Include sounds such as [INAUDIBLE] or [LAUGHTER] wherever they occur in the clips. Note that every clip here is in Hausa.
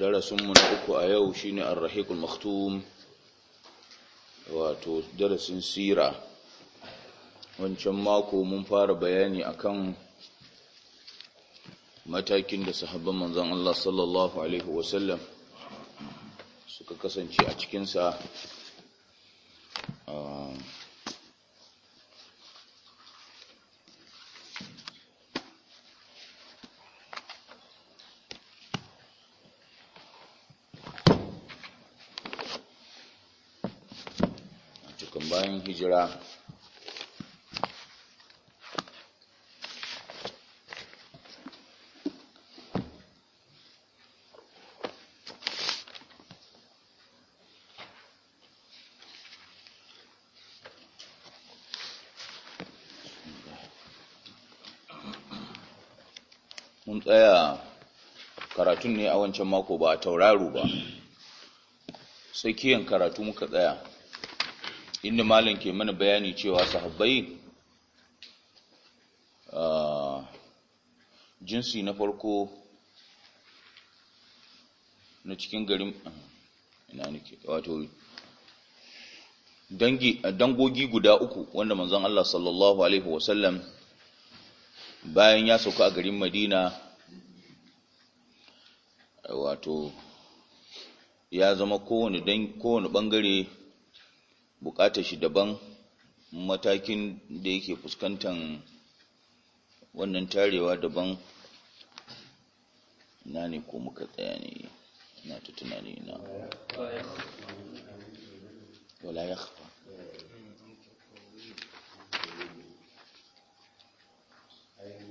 mu na uku a yau shine ar-rahiqul maktum wato darasin sira wancan mako mun fara bayani akan matakin da sahabban manzon Allah sallallahu alaihi wasallam suka kasance a cikinsa ah, hijira mun tsaya karatun ne a wancan mako ba a tauraro ba sai kiyan karatu muka tsaya inda malam ke mana bayani cewa sahabbai jinsi na farko na cikin garin ina nake wato dangogi guda uku wanda manzon Allah sallallahu alaihi wasallam bayan ya sauka a garin Madina wato ya zama kowane kowane bangare bukatar shi daban matakin da yake fuskantar wannan tarewa daban na ne ko muka tsaya ne na ta tunani na wala ya kafa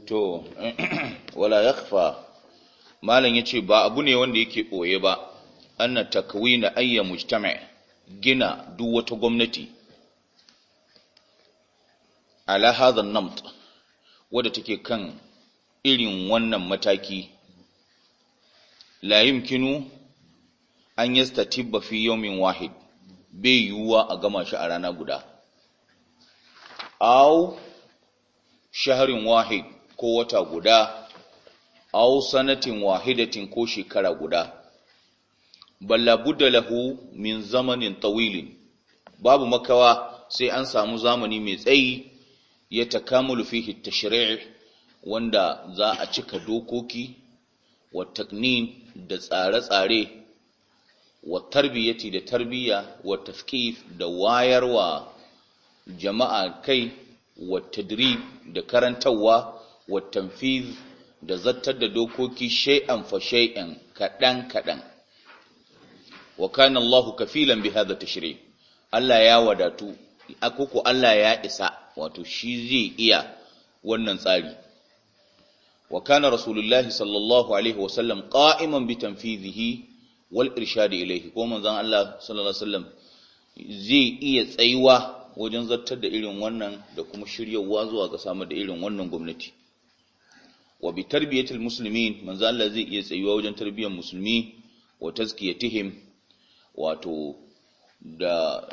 to [CLEARS THROAT] wala ya kafa malam ya ce ba abu ne wanda yake ɓoye ba Ana an na takwina ayya mujtama' gina duk wata gwamnati ala hadha namt wanda take kan irin wannan mataki la yumkinu an yastatibba fi yawmin wahid bai yiwuwa a gama shi a rana guda aw shaharin wahid ko wata guda aw sanatin wahidatin ko shekara guda balla budda lahu min zamanin tawilin babu makawa sai an samu zamani mai tsayi ya takamulu fihi tashri' wanda za a cika dokoki wa taknin da tsare-tsare wa tarbiyyati da tarbiyya wa tafkif da wayarwa jama'a kai wa tadrib da karantarwa wa tanfiz da zattar da dokoki shay'an fa shay'an kadan kadan wa kana Allahu kafilan bi hadha tashri Allah ya wadatu akoko Allah ya isa wato shi zai iya wannan tsari wa kana rasulullahi sallallahu alaihi wa sallam qa'iman bi tanfizihi wal irshadi ilayhi ko manzon Allah sallallahu alaihi zai iya tsayuwa wajen zartar da irin wannan da kuma shiryawa zuwa ga samar da irin wannan gwamnati wa bi tarbiyatil muslimin manzon Allah zai iya tsayuwa wajen tarbiyyar musulmi wa tazkiyatihim wato da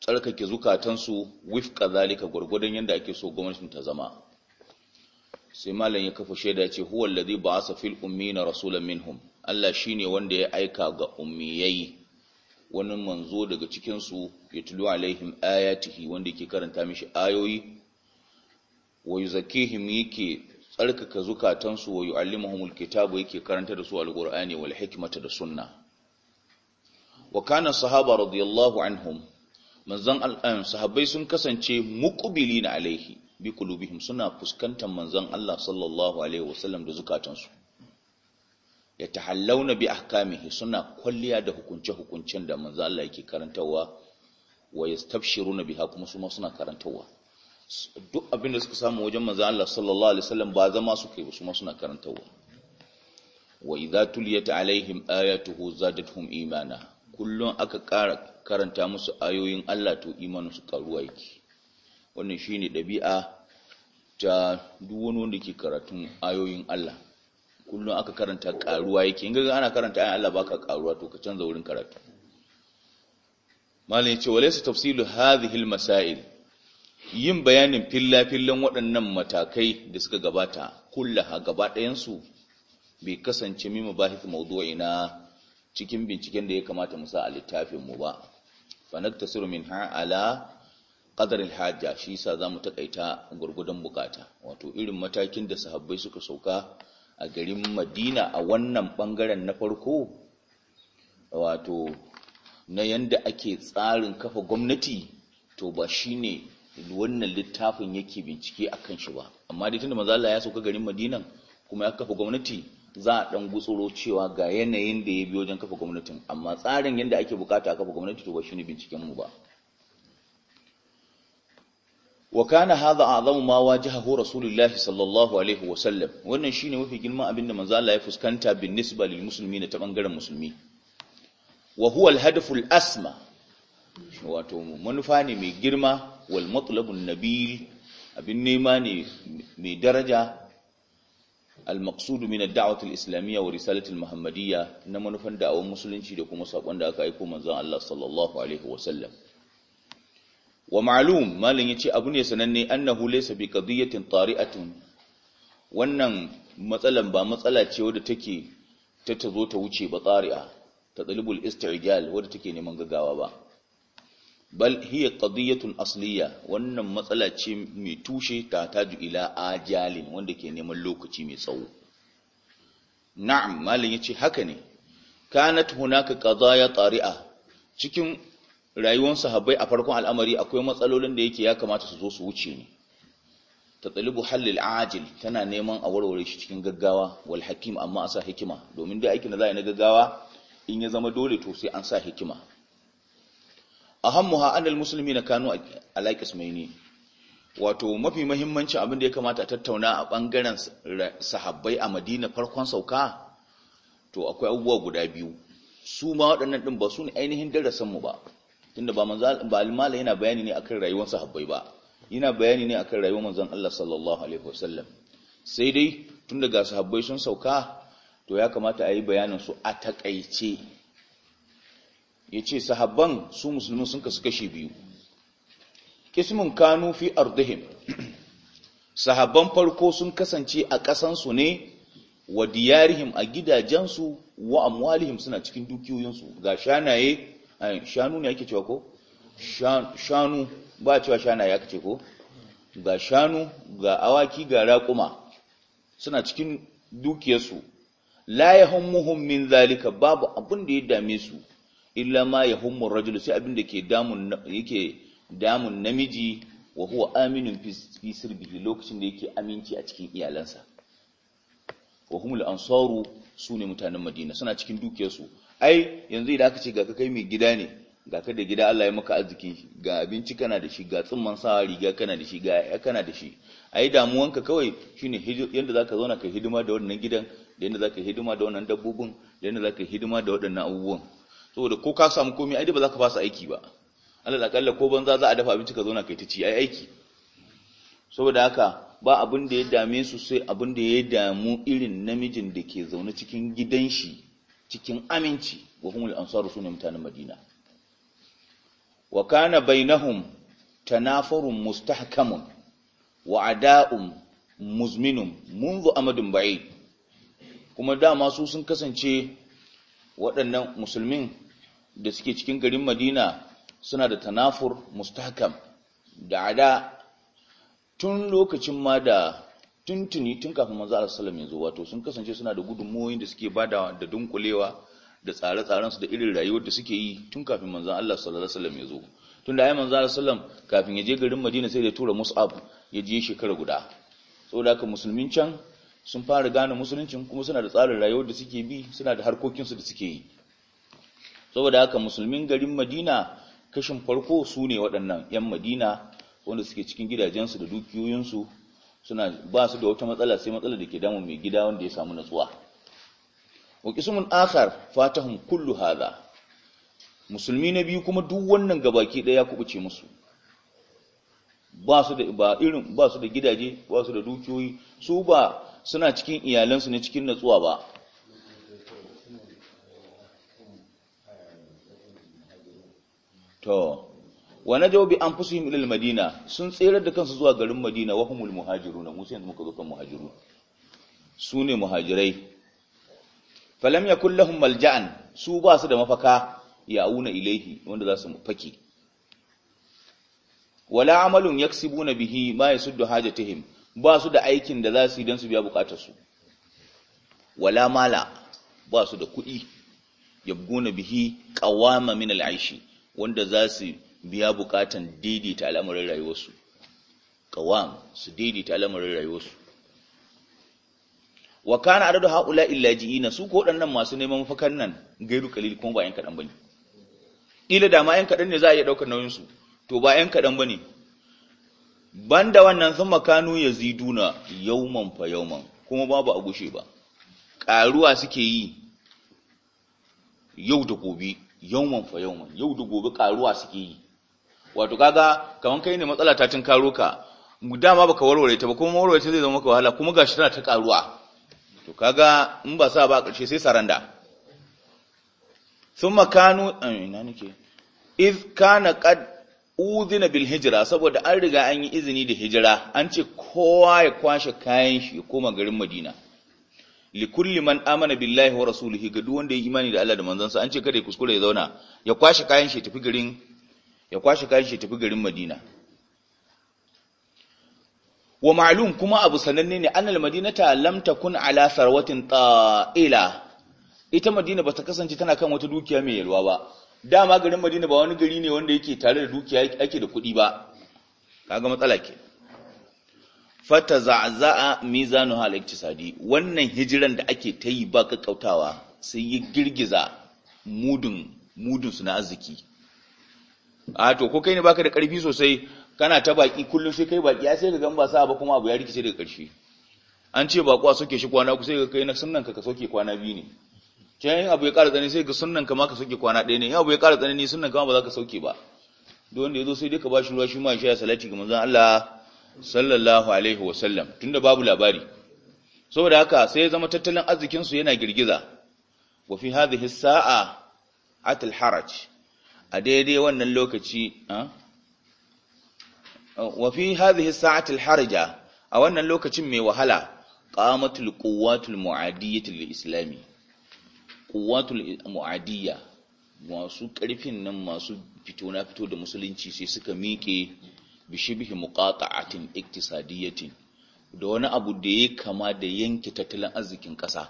tsarkake zukatansu wifka zalika gwargwadon yadda ake so gwamnatin ta zama sai malam ya kafa shaida ce huwal ladhi ba'asa fil ummina rasulan minhum Allah shine wanda ya aika ga ummiyai wani manzo daga cikin su yatlu alaihim ayatihi wanda yake karanta mishi ayoyi wa yuzakkihim yake tsarkake zukatansu wa yu'allimuhumul kitaba yake karanta da su alqur'ani wal hikmata da sunna wa kana sahaba radiyallahu anhum manzon al'an eh, sahabbai sun kasance muqbilina alaihi bi qulubihim suna fuskantar manzon Allah sallallahu alaihi wasallam da zukatansu ya tahallawna bi ahkamihi suna kwalliya da hukunce hukuncen da manzon Allah yake karantawa wa yastabshiruna biha kuma su ma suna karantawa duk abinda suka samu wajen manzon Allah sallallahu alaihi wasallam ba zama su kai ba su ma suna karantawa wa idza tuliyat alaihim ayatuhu zadatuhum imana kullum aka ƙara karanta musu ayoyin Allah to imanin su karuwa yake wannan shine ɗabi'a ta duk wani wanda ke karatun ayoyin Allah kullum aka karanta karuwa yake in ga ana karanta ayoyin Allah baka karuwa to ka canza wurin karatu malai ce walaysa tafsilu hadhihi almasail yin bayanin filla waɗannan matakai da suka gabata kullaha gaba ɗayan bai kasance mimma bahith mawdu'ina cikin binciken da ya kamata mu sa a littafin mu ba fa naktasiru minha ala qadar alhajja shi yasa zamu taƙaita gurgudan bukata wato irin matakin da sahabbai suka sauka a garin Madina a wannan ɓangaren na farko wato na yanda ake tsarin kafa gwamnati to ba shi ne wannan littafin yake bincike a kan shi ba amma da tunda manzo ya sauka garin Madinan kuma ya kafa gwamnati za a ɗan gutsuro cewa ga yanayin da ya biyo wajen kafa gwamnatin amma tsarin yadda ake bukata a kafa gwamnati to ba shi ne binciken mu ba wa kana hadha a'zamu ma wajahahu rasulullahi sallallahu alaihi wa sallam wannan shine mafi girman abin da manzo Allah ya fuskanta bin nisba lil muslimina ta bangaren musulmi wa huwa al hadaf al asma wato manufa ne mai girma wal matlabun nabil abin nema ne mai daraja al-maqsud min ad islamiyya wa risalati al-muhammadiyya na manufan da'awan musulunci da kuma sakon da aka aika manzon Allah sallallahu alaihi wa sallam wa ma'lum malin abu ne sananne annahu laysa bi qadiyatin tari'atin wannan matsalan ba matsala ce wadda take ta tazo ta wuce ba tsari'a ta dalibul istijal wadda take neman gaggawa ba bal hiya qadiyatun asliya wannan matsala ce mai tushe ta taju ila ajalin wanda ke neman lokaci mai tsawo na'am malin yace haka ne kanat hunaka qadaya tari'a cikin rayuwar sahabbai a farkon al'amari akwai matsalolin da yake ya kamata su zo su wuce ne tatsalibu halil ajil tana neman a warware shi cikin gaggawa wal hakim amma asa hikima domin da aikin da za a yi na gaggawa in ya zama dole to sai an sa hikima ahammuha musulmi na kanu ala qismaini wato mafi muhimmanci abin da ya kamata a tattauna a bangaren sahabbai a Madina farkon sauka to akwai abubuwa guda biyu su ma waɗannan din ba su ne ainihin darasin mu ba tunda ba manzo yana bayani ne akan rayuwar sahabbai ba yana bayani ne akan rayuwar manzon Allah sallallahu alaihi wasallam sai dai tunda ga sahabbai sun sauka to ya kamata a yi bayanin su a takaice ya ce sahabban su musulmin sun kasu kashe biyu kismin kanu fi ardihim sahabban farko sun kasance a ƙasansu ne wa diyarihim a gidajensu wa amwalihim suna cikin dukiyoyinsu ga shanaye shanu ne ake cewa ko shanu ba cewa shanaye aka ce ko ga shanu ga awaki ga raƙuma suna cikin dukiyarsu la yahummuhum min zalika babu abin da ya dame su illa ma ya yahummu rajul sai abin da ke damun yake damun namiji wa huwa aminun fi sirbihi lokacin da yake aminci a cikin iyalansa wa humul ansaru sune mutanen Madina suna cikin dukiyarsu ai yanzu idan aka ce ga kai mai gida ne ga ka da gida Allah ya maka arziki, ga abinci kana da shi ga tsumman sawa riga kana da shi ga ya kana da shi ai damuwanka kawai shine yanda zaka zauna ka hidima da wannan gidan da yanda zaka hidima da wannan dabbobin da yanda zaka hidima da waɗannan abubuwan saboda ko ka samu komai ai ba za ka fasa aiki ba allah akalla ko banza za a dafa abinci ka zauna kai ta ci ai aiki saboda haka ba abin da ya dame su sai abin da ya damu irin namijin da ke zaune cikin gidan shi cikin aminci wa humul ansaru sune mutanen madina wa kana bainahum tanafarun mustahkamun wa ada'un muzminun munzu amadun ba'id kuma dama su sun kasance waɗannan musulmin da suke cikin garin madina suna da tanafur mustakam da ada tun lokacin ma da tuntuni tun kafin manzo Allah sallallahu alaihi wato sun kasance suna da gudunmoyin da suke bada da dunkulewa da tsare-tsaren su da irin rayuwar da suke yi tun kafin manzo Allah sallallahu alaihi wasallam ya zo tun da ai manzo Allah sallallahu kafin ya je garin Madina sai da tura Mus'ab ya je shekara guda saboda haka musulmin can sun fara gane musuluncin kuma suna da tsarin rayuwar da suke bi suna da harkokinsu da suke yi saboda haka musulmin garin madina kashin farko su ne waɗannan 'yan madina wanda suke cikin gidajensu da dukiyoyinsu suna ba su da wata matsala sai matsala da ke damun mai gida wanda ya samu natsuwa wa qismun akhar fatahum kullu hadha musulmi na biyu kuma duk wannan gabaki ɗaya ya kubuce musu ba su da ba irin ba su da gidaje ba su da dukiyoyi su ba suna cikin iyalansu ne cikin natsuwa ba to wa najaw bi anfusihim ila madina sun tsere da kansu zuwa garin madina wa humul muhajirun musa yanzu muka zo kan muhajiru su ne muhajirai falam yakul lahum malja'an su ba su da mafaka ya auna ilaihi wanda za su fake wala amalun yaksibuna bihi ma yasuddu hajatihim ba su da aikin da za su yi don su biya bukatarsu wala mala ba su da kuɗi yabguna bihi qawama min al'aishi wanda za su biya bukatan daidaita al'amuran rayuwarsu qawam su daidaita al'amuran rayuwarsu wa kana adadu haula ina, su ko wadannan masu neman mafakan nan gairu kalil kuma ba yan kadan bane ila da ma yan kadan ne za a iya daukar nauyin to ba yan kadan bane banda wannan sun makanu ya ziduna yauman fa yauman kuma babu a gushe ba ƙaruwa suke yi yau da gobe yauman fa yauman yau da gobe ƙaruwa suke yi wato kaga kaman kai ne matsala ta tun karo ka dama baka warware ta ba kuma warware ta zai zama maka wahala kuma gashi tana ta ƙaruwa to kaga in ba sa ba ƙarshe sai saranda sun makanu eh, ina nake iz kana kad. udhina bil hijra saboda an riga an yi izini da hijira an ce kowa ya kwashe kayan shi ya koma garin Madina li kulli man amana billahi wa rasulihi ga duk wanda ya imani da Allah da sa an ce kada ya kuskure ya zauna ya kwashe kayan shi tafi garin ya kwashe kayan shi tafi garin Madina wa ma'lum kuma abu sananne ne annal madinata lam takun ala sarwatin ta'ila ita madina bata kasance tana kan wata dukiya mai yalwa ba dama garin madina ba wani gari ne wanda yake tare da dukiya ake da kuɗi ba kaga matsala ke fata za'aza'a mizanu hal iktisadi wannan hijiran da ake ta yi ba kakkautawa sai ya girgiza mudun mudun su na arziki a to ko kai ne baka da karfi sosai kana ta baki kullum sai kai baki ya sai ka gan ba sa ba kuma abu ya rikice daga karshe an ce baƙuwa soke shi kwana ku sai ka kai na sannan ka ka soke kwana biyu ne can abu ya ƙara tsanani sai ga sunan kama ka sauke kwana ɗaya ne yin abu ya ƙara tsanani sunan kama ba za ka sauke ba don wanda ya zo sai dai ka ba shi ruwa shi ma shi ya salati ga manzon Allah sallallahu alaihi wa sallam tunda babu labari saboda haka sai ya zama tattalin arzikin su yana girgiza wa fi hadhihi sa'a atal haraj a daidai wannan lokaci wa fi hadhihi sa'atil harja a wannan lokacin mai wahala qamatul quwwatul mu'adiyatul islami kuwatul mu'adiyya masu karfin nan masu fito na fito da musulunci sai suka miƙe bishibihi muqata'atin iktisadiyatin da wani abu da ya kama da yanke tattalin arzikin ƙasa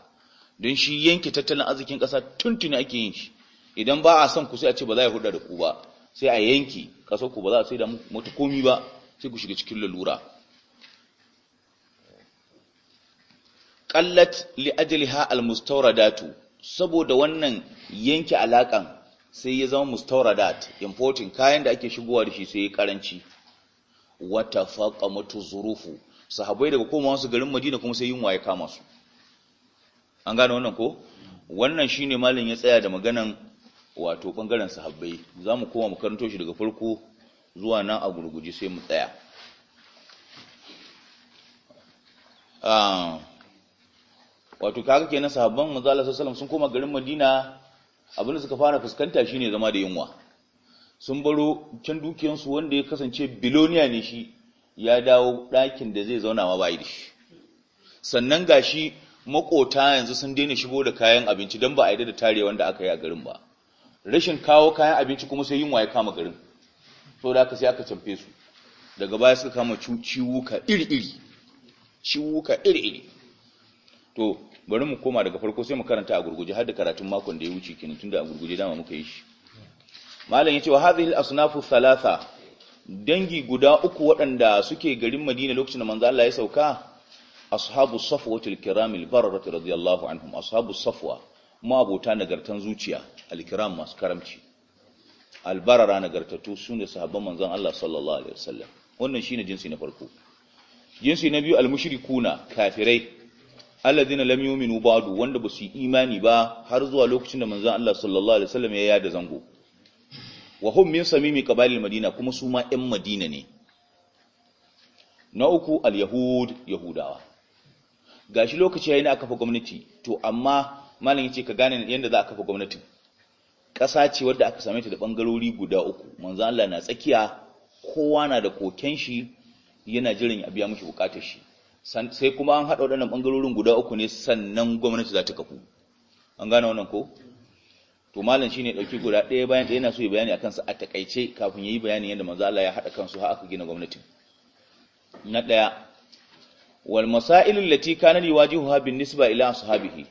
don shi yanke tattalin arzikin ƙasa tuntuni ake yin shi idan ba a son ku sai a ce ba za a huda da ku ba sai a yanke kaso ku ba za a sai da mutu komi ba sai ku shiga cikin lalura qallat li ajliha al mustawradatu saboda wannan yanke alakan sai ya zama mustauradat importing kayan da ake shigowa da shi sai ya karanci wata faqamatu zurufu sahabai daga komawa su garin Madina kuma sai yunwa ya kama su an gane wannan ko wannan shi ne malin ya tsaya da maganan wato bangaren Za mu koma makaranto shi daga farko zuwa nan a gurguji sai mu tsaya ah, wato kaga kenan sahabban manzo Allah sallallahu sun koma garin Madina abin da suka fara fuskanta shine zama da yunwa sun baro can su wanda ya kasance biloniya ne shi ya dawo ɗakin da zai zauna ma bai da shi sannan gashi makota yanzu sun daina shigo da kayan abinci don ba a yarda da tare wanda aka yi a garin ba rashin kawo kayan abinci kuma sai yunwa ya kama garin so da aka sai aka camfe su daga baya suka kama ciwuka iri-iri ciwuka iri-iri to bari mu koma daga farko sai mu karanta a gurguje har da karatun makon da ya wuce kenan tunda a gurguje dama muka yi shi malam yace wa hadhihi al-asnafu thalatha dangi guda uku waɗanda suke garin Madina lokacin da manzo Allah ya sauka ashabu safwatul kiram al-barrat radiyallahu anhum ashabu safwa ma abota nagartan zuciya al-kiram masu karamci al-barara nagartatu sune sahabban manzo Allah sallallahu alaihi wasallam wannan shine jinsi na farko jinsi na biyu al-mushrikuna kafirai alladhina lam yu'minu ba'du wanda ba su imani ba har zuwa lokacin da manzon Allah sallallahu alaihi wasallam ya yada zango wa hum min samimi qabalil madina kuma su ma yan madina ne na uku al-yahud yahudawa gashi lokaci yayin aka kafa gwamnati to amma malam yace ka gane yanda za a kafa gwamnati. ƙasa ce wadda aka same ta da bangarori guda uku manzon Allah na tsakiya kowa na da koken shi yana jiran ya biya mishi bukatar shi sai kuma an haɗa waɗannan ɓangarorin guda uku ne sannan gwamnati za ta kafu an gane wannan ko to malam shine dauki guda ɗaya bayan ɗaya yana so ya bayani akan sa a takaice kafin ya yi bayani yadda manzo Allah ya haɗa kansu har gina gwamnati. na ɗaya wal masailu allati kana yuwajihuha bin nisba ila ashabihi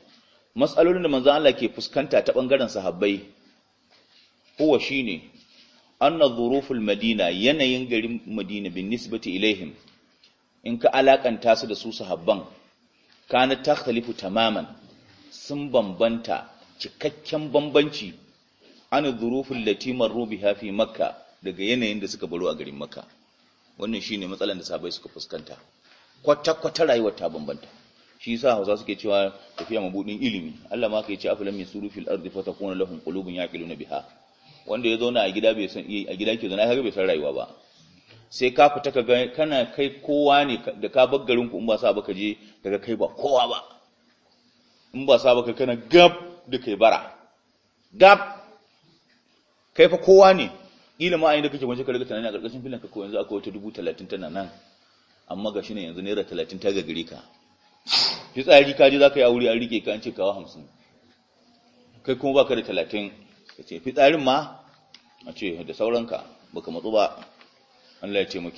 mas'alolin da manzo Allah ke fuskanta ta bangaren sahabbai huwa shine anna dhuruful madina yanayin garin madina bin nisbati ilaihim in ka alakanta su da su sahabban kana takhtalifu tamaman sun bambanta cikakken bambanci an dhurufil lati marru biha fi makka daga yanayin da suka baro a garin makka wannan shine matsalan da sabai suka fuskanta kwata kwata rayuwar ta bambanta shi yasa Hausa suke cewa tafiya mabudin ilimi Allah ma kai ce afalam yasuru fil ardi fatakuna lahum qulubun yaqiluna biha wanda ya zauna a gida bai san a gida ke zauna ga bai san rayuwa ba sai ka fita ka gani kana kai kowa ne da ka bar garin ku in ba sa ba ka je daga kai ba kowa ba in ba sa ba ka kana gab da kai bara gab kai fa kowa ne ila ma ayin da kake wance ka riga tunani a karkashin filin ka ko yanzu akwai wata dubu talatin tana nan amma ga shi ne yanzu naira talatin ta ga gare ka fitsari ka je za ka yi aure an rike ka an ce kawo hamsin kai kuma baka da talatin ka ce fitsarin ma a ce da sauranka baka matsu ba Allah ya ce mu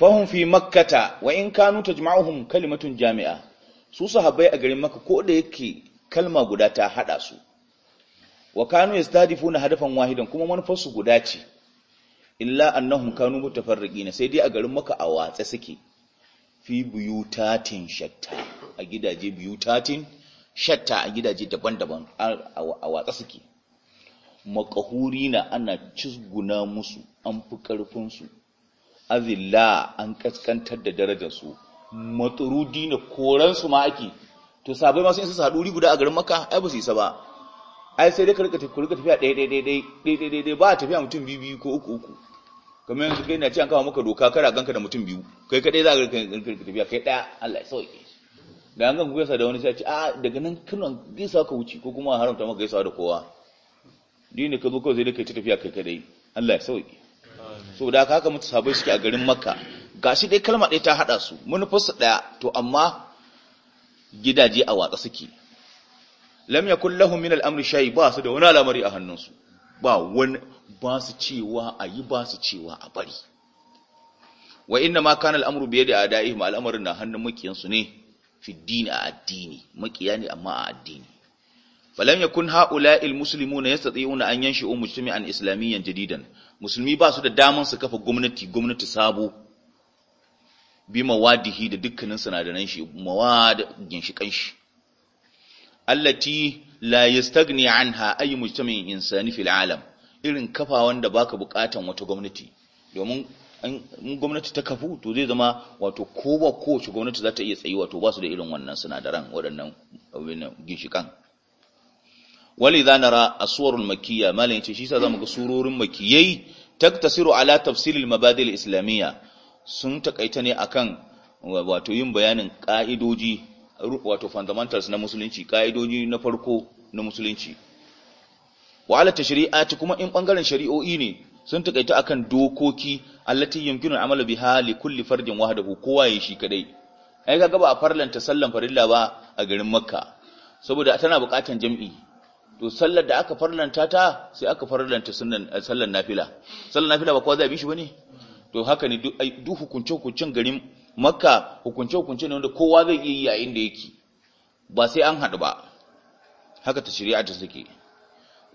mu fi makkata wa in kanu tajma'uhum kalimatun jami'a su sahabbai a garin maka ko da yake kalma guda ta haɗa su wa kanu yastadifuna hadafan wahidan kuma manufar su guda ce illa annahum kanu mutafarriqina sai dai a garin maka a watsa suke fi buyutatin shatta a gidaje buyutatin shatta a gidaje daban-daban a watsa suke makahuri na ana cizguna musu an fi ƙarfinsu azilla an ƙasƙantar da darajarsu maturudi na koransu ma ake to sabai masu yin su haɗuri guda a garin maka ai ba su isa ba ai sai dai ka rika tafiya ɗaya ɗaya ɗaya ɗaya ba a tafiya mutum biyu biyu ko uku uku kamar yanzu kai na ci an kawo maka doka kara ganka da mutum biyu kai kaɗai za a ka rika tafiya kai ɗaya Allah ya sauke da an gan gaisa da wani sai ce a ah, daga nan kanan gaisa ka wuce ko kuma haramta maka gaisawa da kowa ni ne ka zo kawai zai kai ta tafiya kai kadai Allah ya sauki So da haka mutu sabai suke a garin makka shi dai kalma ɗaya ta haɗa su manufarsu ɗaya to amma gidaje a watsa suke lam ya kullahu min al shay ba su da wani al'amari a hannunsu ba wani ba su cewa a yi ba su cewa a bari wa inna ma kana al-amru bi yadi adaihim al na hannun makiyansu ne fi dini a addini makiya ne amma a addini falam yakun ha'ula'il muslimuna yastati'una an yanshu'u mujtami'an islamiyyan jadidan musulmi ba su da daman su kafa gwamnati gwamnati sabo bi mawadihi da dukkanin sinadaran shi mawad ginshikan shi allati la yastagni anha ay mujtami'in insani fil alam irin kafa wanda baka bukatan wata gwamnati domin in gwamnati ta kafu to zai zama wato ko ba kowace gwamnati za ta iya tsayi wato ba su da irin wannan sinadaran waɗannan ginshikan wali za nara a suwarun makiyya malin ce shi sa za mu ga surorin makiyai taktasiru ala tafsirin mabadil islamiyya sun takaita ne akan wato yin bayanin ka'idoji wato fundamentals na musulunci ka'idoji na farko na musulunci wa ala ci kuma in ɓangaren shari'o'i ne sun takaita akan dokoki allati yumkinu amalu biha li kulli fardin kowa yayi shi kadai ai ga ba a farlanta sallan farilla ba a garin makka saboda tana bukatan jam'i to sallar da aka farlanta ta sai aka farlanta sunan eh, sallar nafila sallar nafila ba kowa zai bi shi bane to haka ne duk hukunce hukuncin garin makka hukunce hukunce ne wanda kowa zai iya yi a inda yake ba sai an haɗu ba haka ta shari'a ta suke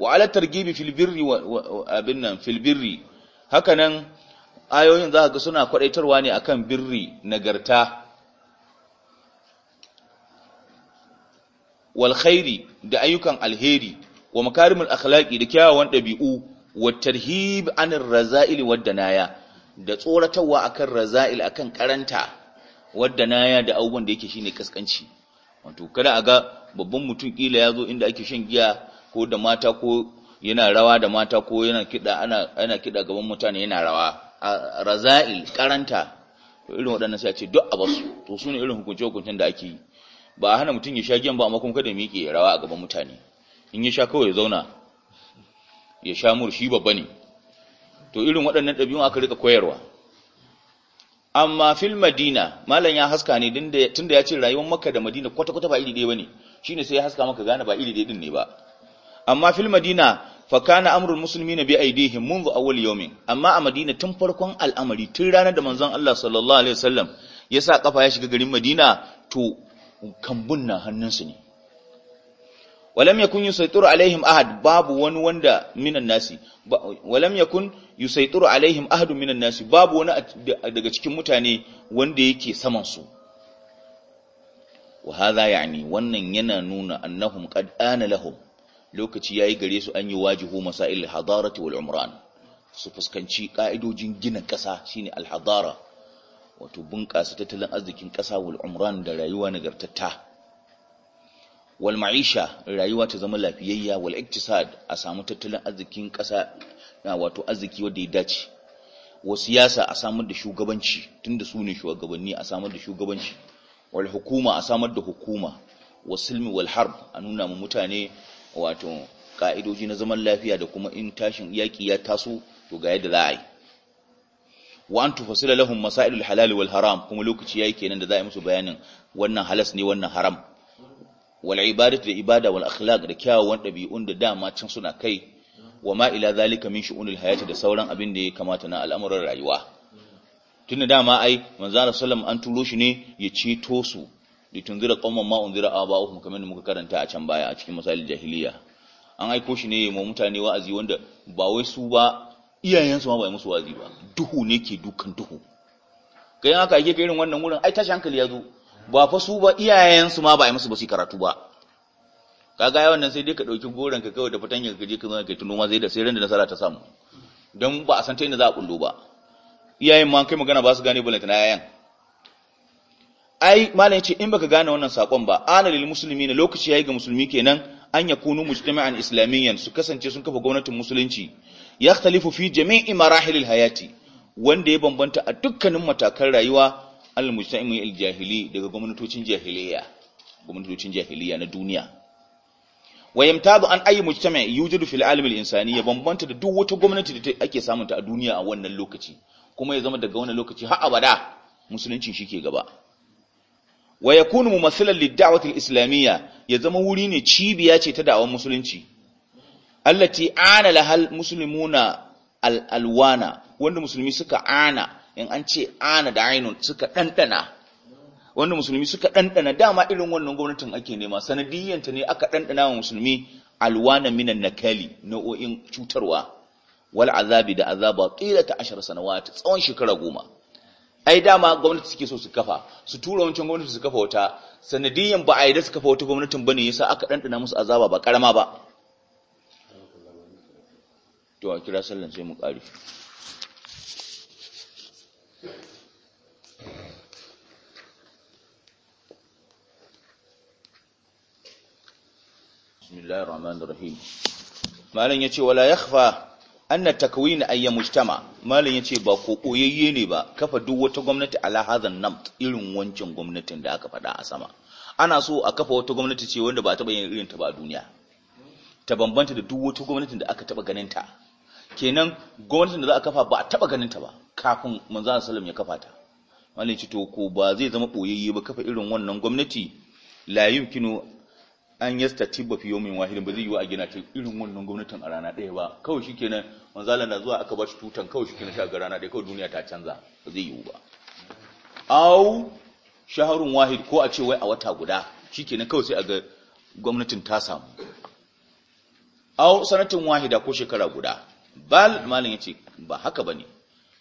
wa ala targibi fil birri wa abin nan fil birri haka nan ayoyin za ka ga suna kwadaitarwa ne akan birri nagarta wal da ayyukan alheri wa makarimul akhlaqi da kyawawan dabi'u wa tarhib anir razail wad danaya da tsoratarwa akan razail akan karanta wad danaya da abubuwan da yake shine kaskanci wato kada a ga babban mutum kila yazo inda ake shan giya ko da mata ko yana rawa da mata ko yana kida ana ana kida gaban mutane yana rawa razail karanta irin waɗannan sai a ce duk a to su irin hukunce-hukuncen da ake yi ba a hana mutum ya sha giyan ba a makon kada miƙe rawa a gaban mutane in ya sha kawai ya zauna ya sha mur shi babba ne to irin waɗannan ɗabi'un aka rika koyarwa amma fil madina malam ya haska ne tunda ya ce rayuwar makka da madina kwata-kwata ba iri ɗaya ba ne shi ne sai ya haska maka gane ba iri ɗaya ɗin ne ba amma fil madina fa kana amrul muslimina bi aidihim munzu awwal yawmin amma a madina tun farkon al'amari tun ranar da manzon Allah sallallahu alaihi wasallam ya sa kafa ya shiga garin madina to kambun na hannunsu ne walam yakun yusaituru alaihim ahad babu wani wanda minan nasi walam yakun yusaituru alaihim ahadu minan nasi babu wani daga cikin mutane wanda yake saman su wa hadha yani wannan yana nuna annahum qad ana lahum lokaci yayi gare su an yi wajihu masail hadarati wal umran su fuskanci ka'idojin gina kasa shine al hadara wato bunƙasa tattalin arzikin ƙasa wal umran da rayuwa nagartatta wal ma'isha rayuwa ta zama lafiyayya wal iktisad a samu tattalin arzikin ƙasa na wato arziki wanda ya dace wa siyasa a samar da shugabanci tunda su ne shugabanni a samar da shugabanci wal hukuma a samar da hukuma wa silmi wal harb a nuna mu mutane wato ka'idoji na zaman lafiya da kuma in tashin yaki ya taso to ga yadda za a yi wa an tufassila lahum masailul halal wal haram kuma lokaci yayi kenan da za a yi musu bayanin wannan halas ne wannan haram wal ibadatu da ibada wal akhlaq da kyawawan dabi'un da dama can suna kai wa ma ila zalika min shu'unil hayati da sauran abin da ya kamata na al'amuran rayuwa tunda dama ai manzo sallam an turo shi ne ya ceto su da tunzira qauman ma unzira aba'uhum kamar muka karanta a can baya a cikin masalil jahiliya an aiko shi ne mu mutane wa'azi wanda ba wai su ba iyayensu ma ba musu wazi ba duhu ne ke dukan duhu kai haka ake irin wannan wurin ai tashi hankali ya zo ba fa su ba iyayensu ma ba a musu ba su karatu ba kaga yawan nan sai dai ka dauki goran ka kawai da fatan ka je ka zama ka tuno ma zai da sai ran da nasara ta samu dan ba a san ta inda za a kullo ba iyayen ma kai magana ba su gane balanta na yayan ai malam yace in baka gane wannan sakon ba ana lil ne lokaci yayi ga musulmi kenan an yakunu mujtama'an islamiyyan su kasance sun kafa gwamnatin musulunci Ya yakhtalifu fi jami'i marahilil hayati wanda ya bambanta a dukkanin matakan rayuwa al-mujtami'i al-jahili daga gwamnatocin jahiliya gwamnatocin jahiliya na duniya wa yamtazu an ayi mujtami' yujudu fil alam al-insani ya bambanta da duk wata gwamnati da ake samun ta a duniya a wannan lokaci kuma ya zama daga wannan lokaci har abada musulunci shike gaba wa yakunu mumathilan lid-da'wati al-islamiyya ya zama wuri ne cibiya ce ta da'awar musulunci allati ana lahal muslimuna al alwana wanda musulmi suka ana in an ce ana da ainun suka dandana, wanda musulmi suka dandana, dama irin wannan gwamnatin ake nema sanadiyyanta ne aka dandana wa musulmi alwana minan nakali nau'o'in cutarwa wal azabi da azaba ta ashar sanawat tsawon shekara goma ai dama gwamnati suke so su kafa su tura wancan gwamnati su kafa wata sanadiyyan ba a yi da su kafa wata gwamnatin bane yasa aka dandana musu azaba ba karama ba to a kira sallan sai mu ƙari bismillahir rahmanir rahim malan yace wala yakhfa anna takwin ayya mujtama malam yace ba ko koyayye ne ba kafa duk wata gwamnati ala hadhan namt irin wancan gwamnatin da aka faɗa a sama ana so a kafa wata gwamnati ce wanda ba taɓa yin irin ta ba a duniya ta bambanta da duk wata gwamnatin da aka taba ganin ta kenan gwamnatin da za a kafa ba a taba ganin ta ba kafin manzo sallam ya kafa ta wannan ci to ko ba zai zama boyayye ba kafa irin wannan gwamnati la yumkinu an yastatiba fi yawmin wahidin ba zai yi wa a gina ta irin wannan gwamnatin a rana ɗaya ba kawai shikenan manzo Allah na zuwa aka bashi tutan kawai shikenan sha ga rana ɗaya kawai duniya ta canza ba zai yi ba au shaharun wahid ko a ce wai a wata guda shikenan kawai sai a ga gwamnatin ta samu au sanatin wahida ko shekara guda bal malam yace ba haka bane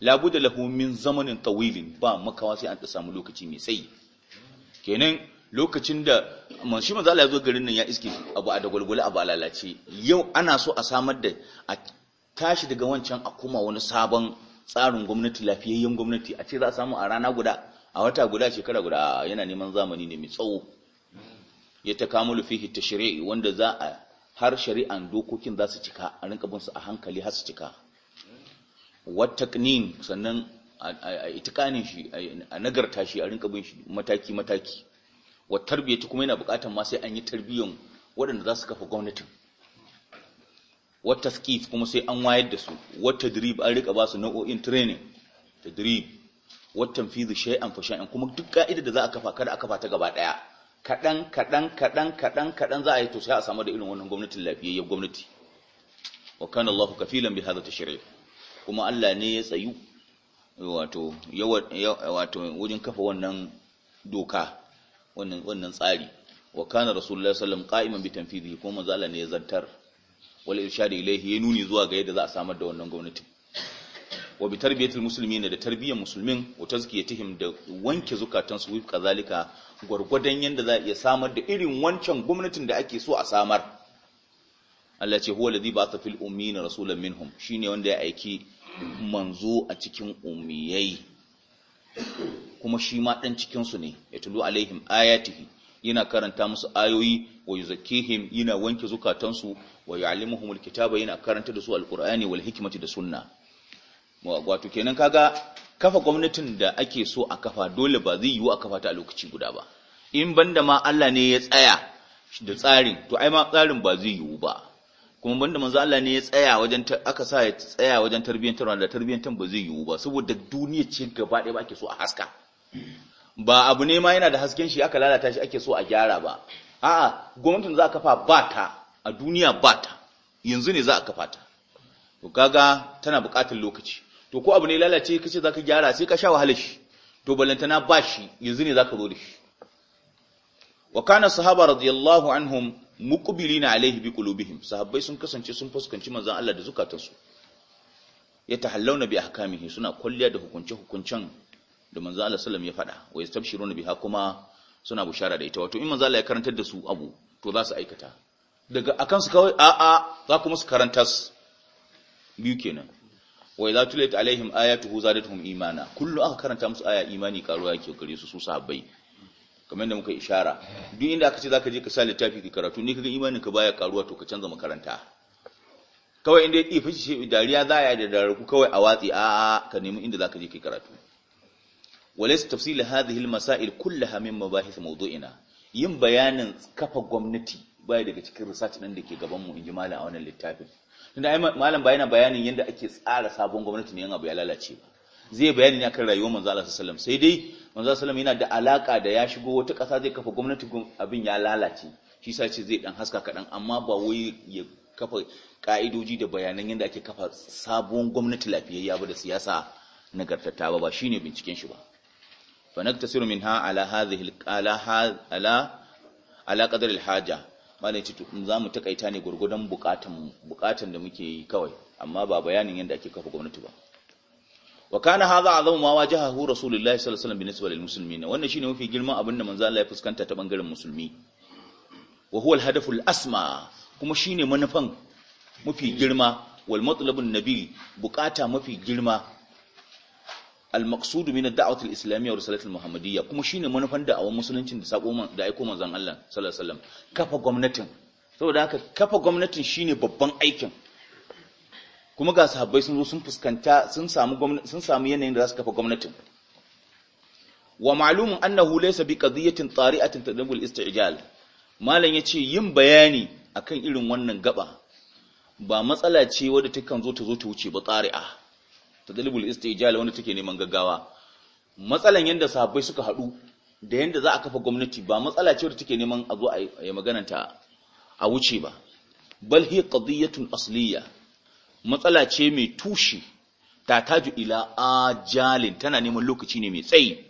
labuda lahu min zamanin tawilin ba makawa sai an ta samu lokaci mai sai kenan lokacin da shi manzo Allah ya zo garin nan ya iske abu a dagwalgwala abu a lalace yau ana so a samar da a tashi daga wancan a koma wani sabon tsarin gwamnati lafiyayyen gwamnati a ce za a samu a rana guda a wata guda shekara guda yana neman zamani ne mai tsawo ya takamulu fihi tashri'i wanda za a har shari'an dokokin za su cika a rinka bin su a hankali har su cika wattaqnin sannan a itikanin shi a nagarta shi a rinka bin mataki mataki wa tarbiyati kuma yana buƙatar ma sai an yi tarbiyyun waɗanda za su kafa gwamnatin Wata taskif kuma sai an wayar da su wata tadrib an rika ba su nau'o'in training tadrib wa tanfidhu shay'an fa shay'an kuma duk ka'ida da za a kafa kada a kafa ta gaba daya kaɗan kaɗan kaɗan kaɗan kaɗan za a yi to sai a samu da irin wannan gwamnatin lafiyayyen gwamnati wa kana Allahu kafilan bi hadha tashri' kuma Allah ne ya tsayu wato wato wajen kafa wannan doka wannan wannan tsari wa kana rasulullahi sallallahu alaihi wasallam qa'iman bi kuma manzo ne ya zantar wal irshadi ilayhi ya nuni zuwa ga yadda za a samar da wannan gwamnatin wa bi tarbiyatul muslimin da tarbiyyar musulmin wa tazkiyatihim da wanke zukatan su kazalika gurgudan yanda za a iya samar da irin wancan gwamnatin da ake so a samar Allah ce huwa ladhi ba'atha fil ummiina rasulan minhum shine wanda ya aiki manzo a cikin ummiyai kuma shi ma dan cikin su ne yatlu alaihim ayatihi yana karanta musu ayoyi wa yuzakkihim yana wanke zukatansu wa ya'limuhumul kitaba yana karanta da su alqur'ani wal hikmati da sunna wato kenan kaga kafa gwamnatin da ake so a kafa dole ba zai yiwu a kafa ta a lokaci guda ba in banda ma Allah ne ya tsaya da tsarin to ai ma tsarin ba zai yiwu ba kuma banda manzo Allah ne ya tsaya wajen aka sa ya tsaya wajen tarbiyyantarwa da tarbiyyantar ba zai yiwu ba saboda duniya ce gaba ɗaya ba ake so a haska ba abu ne ma yana da hasken shi aka lalata shi ake so a gyara ba a'a gwamnatin za a kafa ba ta a duniya ba ta yanzu ne za a kafa ta to kaga tana buƙatar lokaci to ko abu ne lalace kace zaka gyara sai ka sha wahala shi to balantana ba shi yanzu ne zaka zo da shi wa kana sahaba radiyallahu anhum muqbilina alaihi bi qulubihim sahabbai sun kasance sun fuskanci manzon Allah da zukatansu tahallawna bi ahkamihi suna kulliya da hukunce hukuncen da manzon Allah wasallam ya fada wa yastabshiruna biha kuma suna bushara da ita wato in manzon Allah ya karantar da su abu to za su aikata daga akan su kawai a a za kuma su karanta biyu kenan wa idza tulit alaihim ayatu zadatuhum imana kullu aka karanta musu aya imani karuwa yake gare su su sahabbai kamar yadda muka ishara duk inda aka ce zaka je ka sa littafi ka karatu ni kaga imanin ka baya karuwa to ka canza makaranta kawai inda yake difa shi dariya za ya da daraku kawai a watsi a ka nemi inda zaka je ka karatu walaysa tafsil hadhihi almasail kullaha min mabahith mawdu'ina yin bayanin kafa gwamnati baya daga cikin research din da ke gaban mu in ji malam a wannan littafin tunda ai malam ba yana bayanin yadda ake tsara sabon gwamnati ne yan abu ya lalace ba zai bayani ne akan rayuwar manzo Allah sallallahu sai dai manzo sallallahu yana da alaka da ya shigo wata kasa zai kafa gwamnati abin ya lalace shi ya ce zai dan haska kaɗan amma ba wai ya kafa ka'idoji da bayanan yadda ake kafa sabon gwamnati lafiyayya ba da siyasa nagartatta ba ba shine binciken shi ba fa naktasiru minha ala hadhihi ala ala ala qadar alhaja haja malai ce za mu takaita ne gurgudan bukatan da muke yi kawai amma ba bayanin yadda ake kafa gwamnati ba wa kana hadha azamu ma hu rasulullahi sallallahu alaihi wasallam musulmi lil muslimin wannan shine mafi girman abin da manzo Allah ya fuskanta ta bangaren musulmi wa huwa al asma kuma shine manufan mafi girma wal matlabun nabi bukata mafi girma al-maqsudu min ad-da'wati al-islamiyya wa risalati al-muhammadiyya kuma shine manufan da'awar musuluncin da sako man da aiko manzon Allah sallallahu alaihi wasallam kafa gwamnatin saboda haka kafa gwamnatin shine babban aikin kuma ga sahabbai sun zo sun fuskanta sun samu gwamnati sun samu yanayin da za su kafa gwamnatin wa ma'lumun annahu laysa bi qadiyatin tari'atin tadabbu al-istijal malam yace yin bayani akan irin wannan gaba ba matsala ce wadda takan zo ta zo ta wuce ba ah. tadlibul istijal wanda take neman gaggawa matsalan yanda sahabbai suka hadu da yanda za a kafa gwamnati ba matsala ce da take neman a zo a yi ta a wuce ba bal hi qadiyatun asliya matsala ce mai tushe ta taju ila ajalin tana neman lokaci ne mai tsayi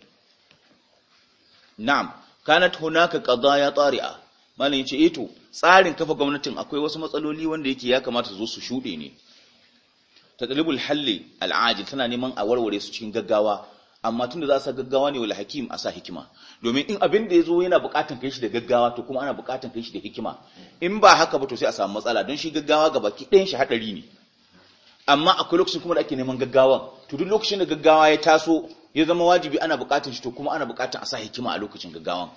na'am kanat hunaka qadaya tari'a malam yace eh to tsarin kafa gwamnatin akwai wasu matsaloli wanda yake ya kamata su zo su shude ne dalibul halli al'ajil tana neman a warware su cikin gaggawa amma tunda za sa gaggawa ne wal hakim a sa hikima domin in abin da yazo yana bukatan kai shi da gaggawa to kuma ana bukatan kai shi da hikima in ba haka ba to sai a samu matsala don shi gaggawa ga baki ɗayan shi hadari ne amma akwai lokacin kuma da ake neman gaggawa to duk lokacin da gaggawa ya taso ya zama wajibi ana bukatan shi to kuma ana bukatan a sa hikima a lokacin gaggawan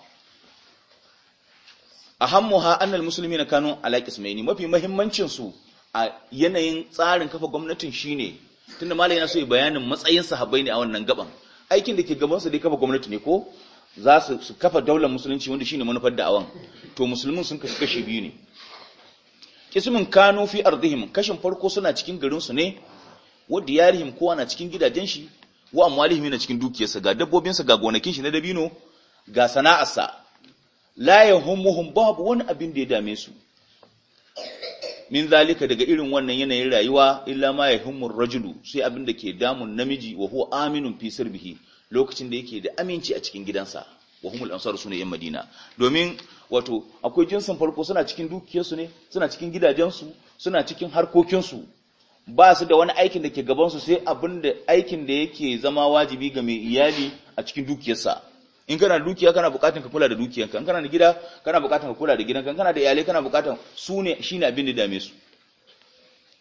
ahammuha annal muslimina kanu ala qismaini mafi muhimmancin su a yanayin tsarin kafa gwamnatin shine tunda malam yana so ya bayanin matsayin sahabbai ne a wannan gaban aikin da ke gaban su dai kafa gwamnati ne ko za su kafa daular musulunci wanda shine manufar da awan to musulmin sun kashi kashi biyu ne kismin kanu fi ardihim kashin farko suna cikin garinsu su ne wa Rihim kowa na cikin gidajen shi wa amwalihim na cikin dukiyarsa ga dabbobinsa ga gonakin shi na dabino ga sana'arsa la yahummuhum babu wani abin da ya dame su min zalika daga irin wannan yanayin rayuwa illa ma ya yahimmur rajulu sai abin da ke damun namiji wa huwa aminun fi sirbihi lokacin da yake da aminci a cikin gidansa wa humul ansar yan madina domin wato akwai jinsin farko suna cikin dukiyarsu ne suna cikin gidajensu suna cikin harkokinsu ba su da wani aikin da ke gabansu sai abin da aikin da yake zama wajibi ga mai iyali a cikin dukiyarsa in kana da dukiya kana bukatan ka kula da dukiyanka in kana da gida kana bukatan ka kula da gidanka in kana da iyalai kana bukatan su ne shine abin da dame su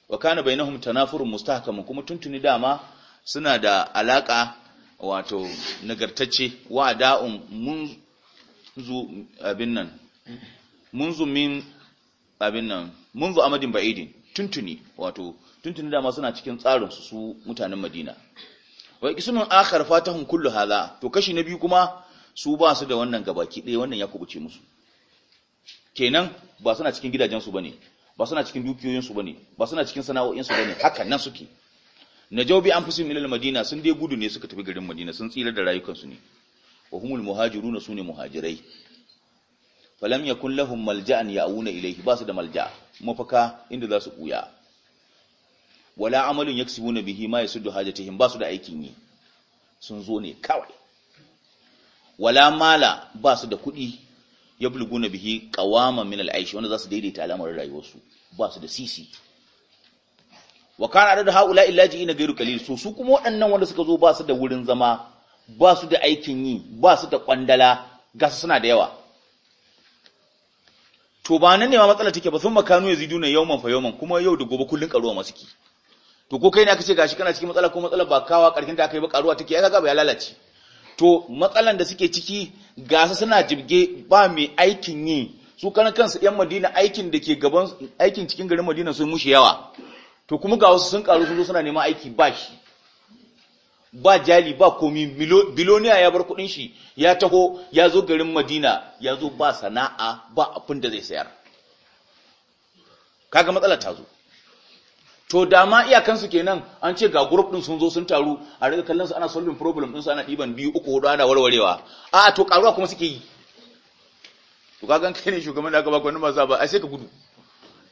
wa kana bainahum tanafurun mustahkam kuma tuntuni dama suna da alaka wato nagartacce wa da'un mun zu abin nan zu min abin nan zu amadin ba'idin tuntuni wato tuntuni dama suna cikin tsarin su su mutanen Madina wa ismun akhar fatahum kullu hadha to kashi na biyu kuma su ba su da wannan gabaki ɗaya wannan ya kubuce musu kenan ba suna cikin gidajensu bane ba suna cikin dukiyoyinsu bane ba suna cikin sana'o'insu bane haka nan suke najau bi anfusihim ila madina sun dai gudu ne suka tafi garin madina sun tsira da rayukansu ne wa humul muhajiruna sune muhajirai falam Kun lahum malja'an ya'una ilayhi ba su da Malja'a, mafaka inda za su buya wala amalun yaksibuna bihi ma yasuddu hajatihim ba su da aikin yi sun zo ne kawai wala mala ba su da kuɗi ya bulguna bihi ƙawaman min al'aishi, wanda za su daidaita al'amarin rayuwarsu ba su da sisi wa kana da haula illa Ina, gairu kalil so su kuma waɗannan wanda suka zo ba su da wurin zama ba su da aikin yi ba su da kwandala ga su suna da yawa to ba nan ne ma matsala take ba sun makanu yaziduna yawman fa yawman kuma yau da gobe kullum karuwa masu ki to ko kai ne aka ce gashi kana cikin matsala ko matsala ba kawa karkin aka yi ba karuwa take ya ga ba ya lalace to matsalan da suke ciki gasa suna jibge ba mai aikin yi su kansu yan madina aikin da ke gaban aikin cikin garin madina sun mushi yawa to kuma ga wasu sun karu sun zo suna neman aiki ba shi ba jali ba komi biloniya ya bar kudin shi ya taho ya zo garin madina ya zo ba sana'a ba abin da zai sayar kaga matsalar ta zo to da ma iyakansu kenan an ce ga group din sun zo sun taru a riga kallon su ana solving problem din su ana diban biyu uku hudu ana warwarewa a to karuwa kuma suke yi to ka gan kai ne shugaban da aka baka wannan maza ba ai sai ka gudu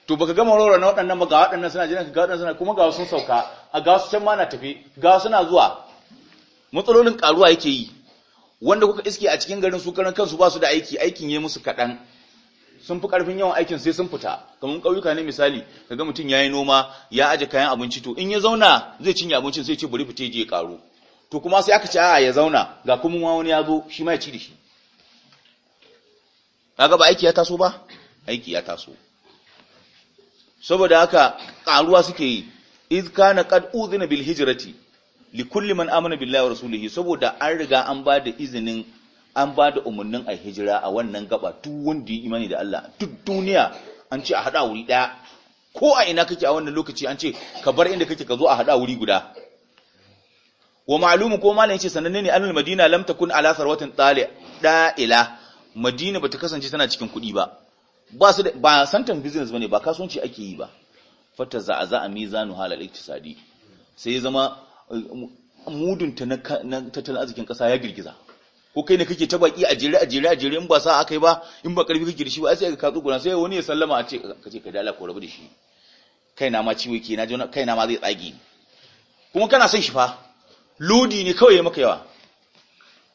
to baka gama warware na waɗannan ba ga waɗannan suna jiran ka ga waɗannan suna kuma ga sun sauka a ga su can ma na tafi ga suna zuwa matsalolin karuwa yake yi wanda kuka iske a cikin garin su karan kansu ba su da aiki aikin yayi musu kaɗan sun fi karfin yawan aikin sai sun fita kamar ƙauyuka ne misali ka kaga mutum ya yi noma ya aje kayan abinci to in ya zauna zai cinye abincin sai ce bari fite je karo to kuma sai aka ce a ya zauna ga kuma wani ya zo shi ma ya ci da shi kaga ba aiki ya taso ba aiki ya taso saboda haka karuwa suke yi iz kana qad udhina bil hijrati likulli man amana billahi wa rasulihi saboda an riga an ba da izinin an ba da umarnin a hijira a wannan gaba duk wanda ya imani da Allah duk duniya an ce a haɗa wuri ɗaya ko a ina kake a wannan lokaci an ce ka bar inda kake ka zo a haɗa wuri guda wa ma'lumu ko malam yace sananne ne annal madina lam takun ala sarwatin tali ila madina bata kasance tana cikin kuɗi ba ba su ba santan business bane ba kasuwanci ake yi ba fata za a mizanu halal iktisadi sai ya zama eh, mudunta na tattalin arzikin ƙasa ya girgiza ko kai ne kake ta baki a jere a jere a jere in ba sa aka yi ba in ba karfi kake da shi ba sai ka katsu sai wani ya sallama a ce ka ce ka da Allah ko rabu da shi kai na ma ciwo ke na jona kai na ma zai tsage kuma kana son shi fa lodi ne kawai ya maka yawa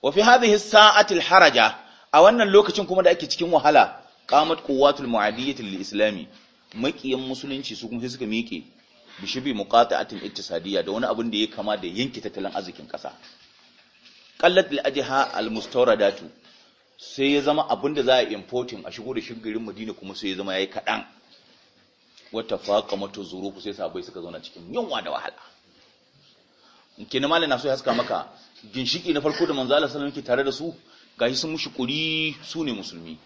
wa fi hadhihi sa'atil haraja a wannan lokacin kuma da ake cikin wahala qamat quwwatul mu'adiyyati lil islami maƙiyan musulunci su kuma sai suka miƙe bishibi muqata'atin iktisadiyya da wani abin da ya kama da yanke tattalin arzikin ƙasa qallat aji ajha al mustawradatu sai ya zama abinda za a importin a shigo da shigirin Madina kuma sai ya zama yayi kadan wata faqamatu zuruku sai sabai suka zauna cikin yunwa da wahala kenan na so ya haska maka ginshiki na farko da manzo Allah sallallahu tare da su gashi sun mushi kuri su ne musulmi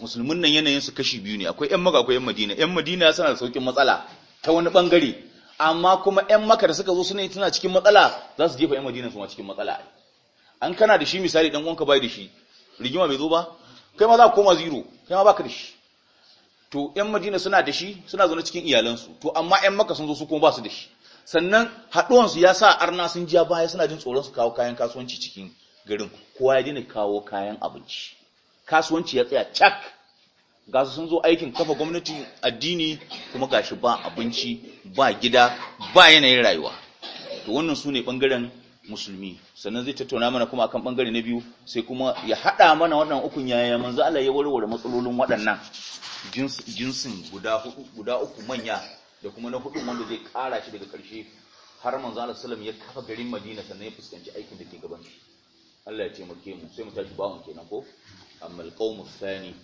musulmin nan yanayin su kashi biyu ne akwai ƴan maka akwai yan Madina ƴan Madina suna da saukin matsala ta wani bangare amma kuma ƴan maka da suka zo suna tana cikin matsala za su jefa ƴan madina su ma cikin matsala an kana da shi misali ɗan wanka bai da shi rigima bai zo ba kai ma za ku koma zero kai ma baka da shi to ƴan madina suna da shi suna zaune cikin iyalansu to amma ƴan maka sun zo su kuma ba su da shi sannan haɗuwansu ya sa arna sun ja baya suna jin tsoron su kawo kayan kasuwanci cikin garin kowa ya daina kawo kayan abinci kasuwanci ya tsaya cak ga sun zo aikin kafa gwamnatin addini kuma gashi ba abinci ba gida ba yanayin rayuwa to wannan su ne ɓangaren musulmi sannan zai tattauna mana kuma akan ɓangare na biyu sai kuma ya haɗa mana waɗannan ukun yaya manzo Allah ya warware matsalolin waɗannan jinsin guda hudu guda uku manya da kuma na hudu wanda zai ƙara shi daga ƙarshe har manzo Allah sallam ya kafa garin Madina sannan ya fuskanci aikin da ke gaban shi Allah ya taimake mu sai mu tashi bawon kenan ko amma al Sani.